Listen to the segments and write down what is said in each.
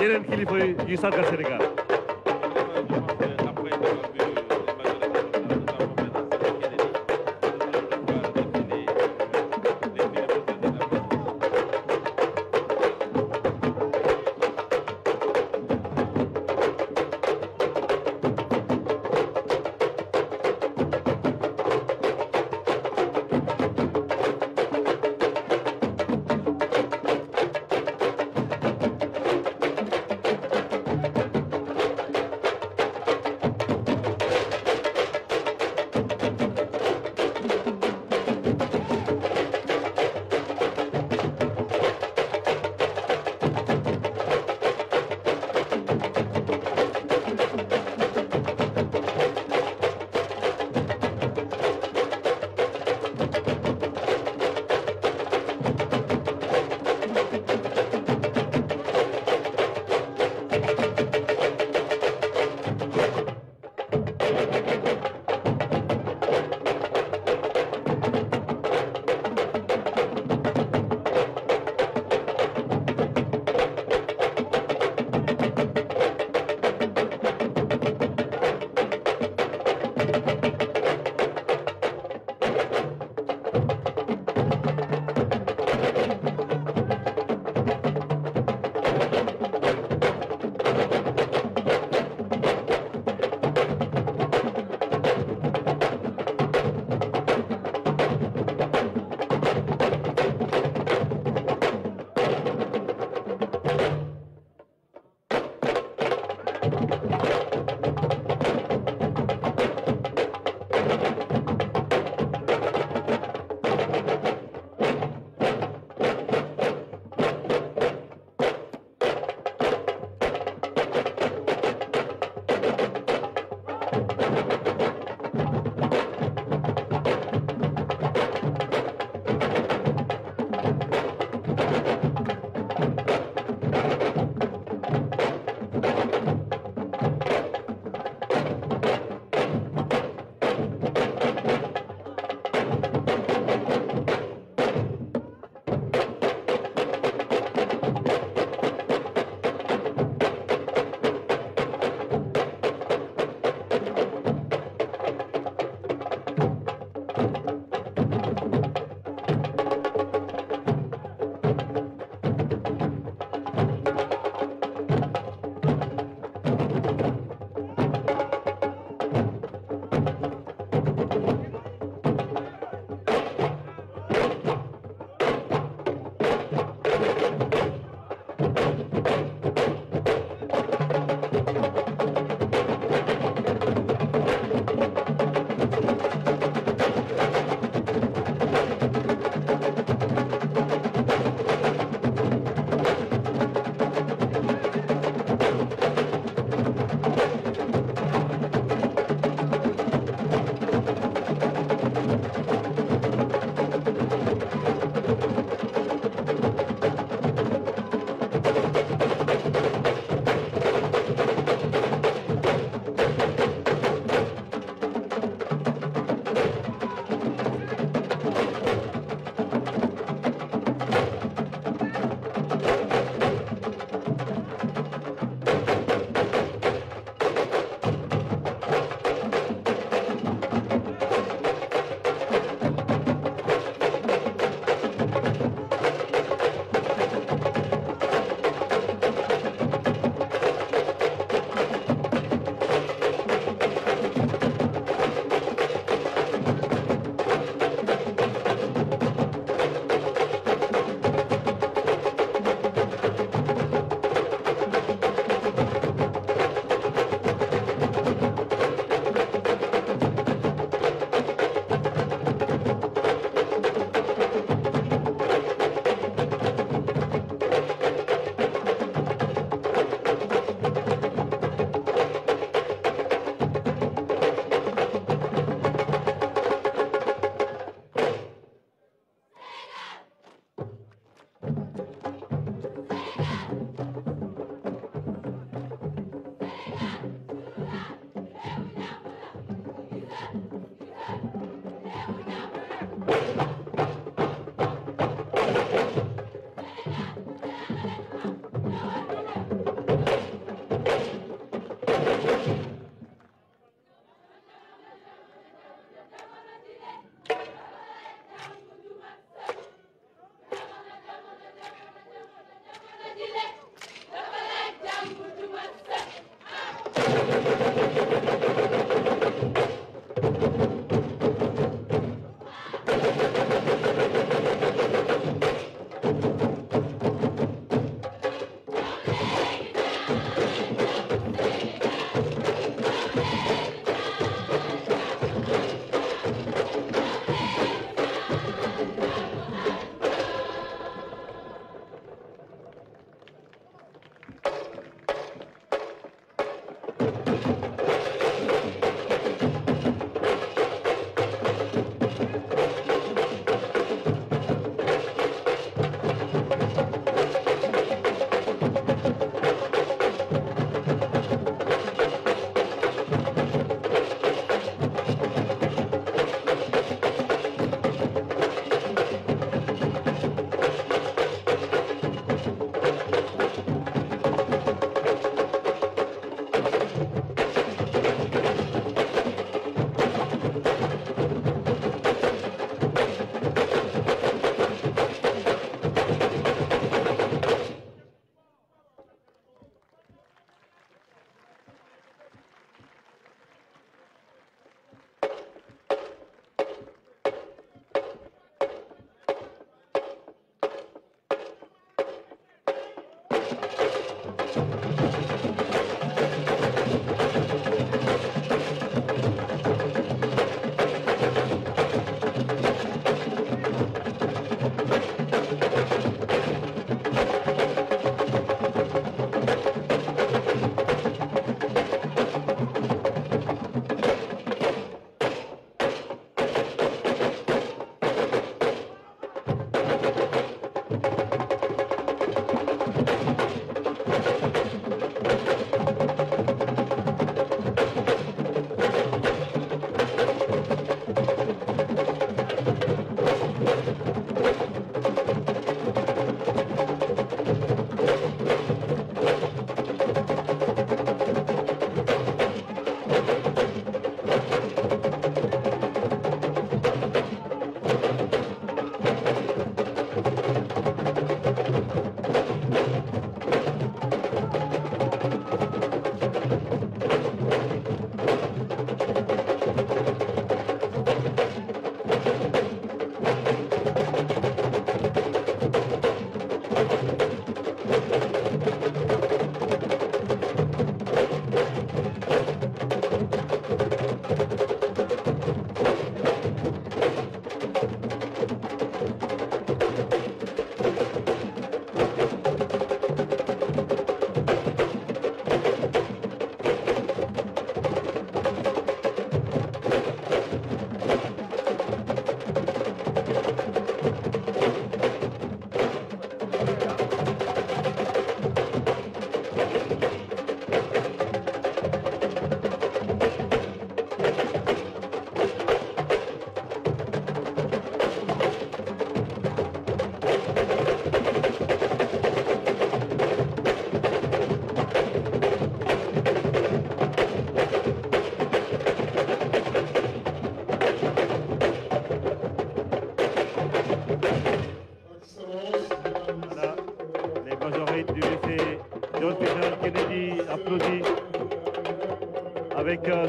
ये रन खेली फिर ये सात का सिरिका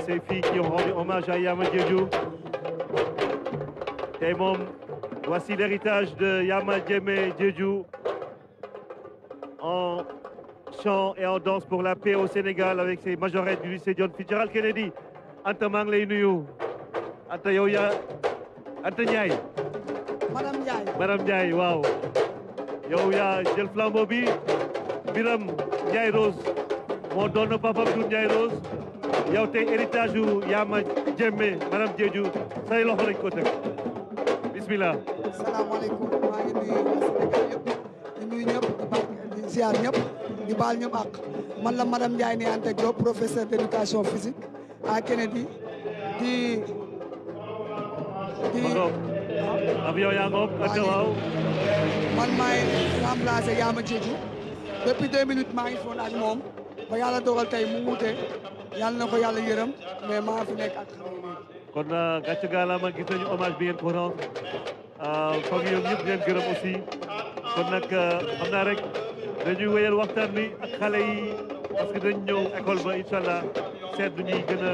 ces filles qui ont rendu hommage à Yama Djedjou. Et bon, voici l'héritage de Yama Djemé Djedjou en chant et en danse pour la paix au Sénégal avec ses majorettes du lycée John Fitzgerald Kennedy. Anta maa ngi lay nuyu Anta yow yaa madame Ndiaye madame waaw. yow yaa flambeau Biram Ndiaye Rose Mon doon papa, papam Rose. yow tey héritage yu Yama Jammeh madame Diédhiou say loxo lañ ko tek bismillah assalamu alaykum ma ngi nuyu ñu yëpp di ziar ñep di bal ñu ak man la madame Ndiaye ni ante Diop professeur d'éducation physique à Kennedy di di avion yaa ngoog ante waaw man maay remplacé Yama Diédhiou depuis 2 minutes ma ngi fon ak mom ba yàlla dogal tay mu wuté yàlla na ko yàlla yërëm mais maa fi nekk ak kon na ah, gàcc gaalaama gis nañu hommage bi ngeen ko noon famille yam ñëpp ngeen gërëm aussi kon nag ah, xam naa rek dañuy wéyal waxtaan ni ak xale yi parce que dañ ñëw école ba incha allah seet du ñuy gën a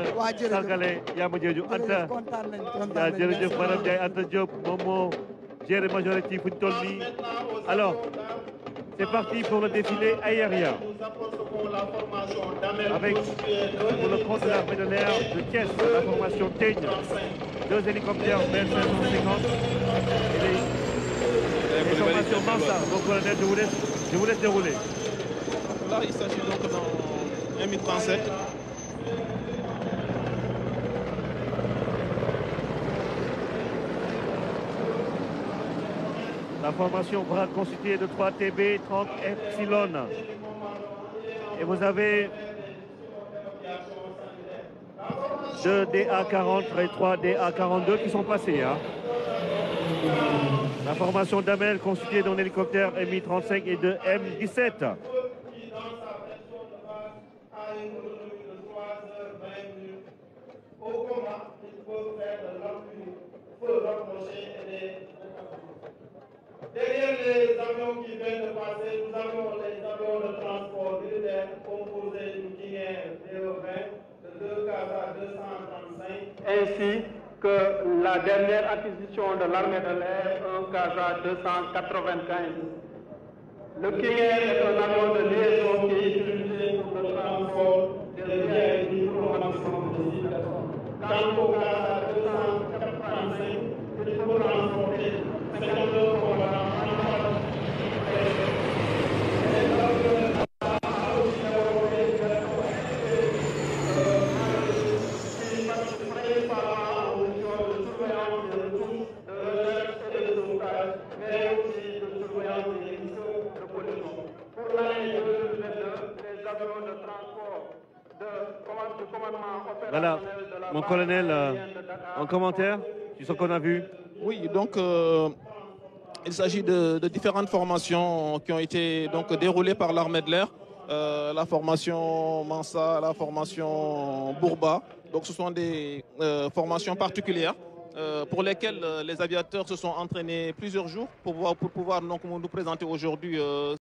sàggale yàmma jeeju anta waa jërëjëf madame Ndiaye anta Diop moom moo géré majorité yi fu ñu toll nii alors C'est parti pour le défilé aérien. Avec pour le compte de l'armée de l'air de caisse la formation Teigne. Deux hélicoptères BF 550 et les, eh, les formations Mansa. Donc colonel, je vous laisse, je dérouler. Là, il s'agit donc d'un M37 La formation bras constituée de 3 TB, 30 Epsilon. Et vous avez 2 DA40 et 3 DA42 qui sont passés. Hein. La formation d'Amel constituée d'un hélicoptère Mi-35 et de M17. qui de passer, nous avons les avions de transport militaire composés du Guinée 020, de 2 à 235, ainsi que la dernière acquisition de l'armée de l'air, un Kaja 295. Le Kinger est un avion de liaison qui est utilisé pour le transport des biens du de civilisation. Mon colonel, euh, en commentaire sur ce qu'on a vu Oui, donc euh, il s'agit de, différentes formations qui ont été donc déroulées par l'armée de l'air. Euh, la formation Mansa, la formation Bourba. Donc ce sont des formations particulières pour lesquelles les aviateurs se sont entraînés plusieurs jours pour pouvoir, pour pouvoir donc, nous présenter aujourd'hui.